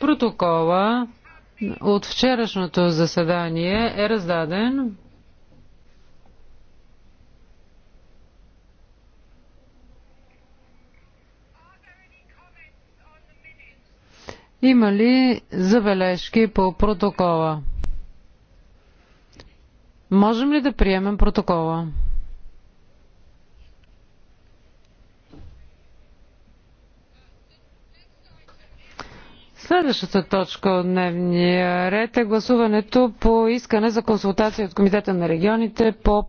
Протокола от вчерашното заседание е раздаден. Има ли забележки по протокола? Можем ли да приемем протокола? Следващата точка от дневния ред е гласуването по искане за консултация от Комитета на регионите по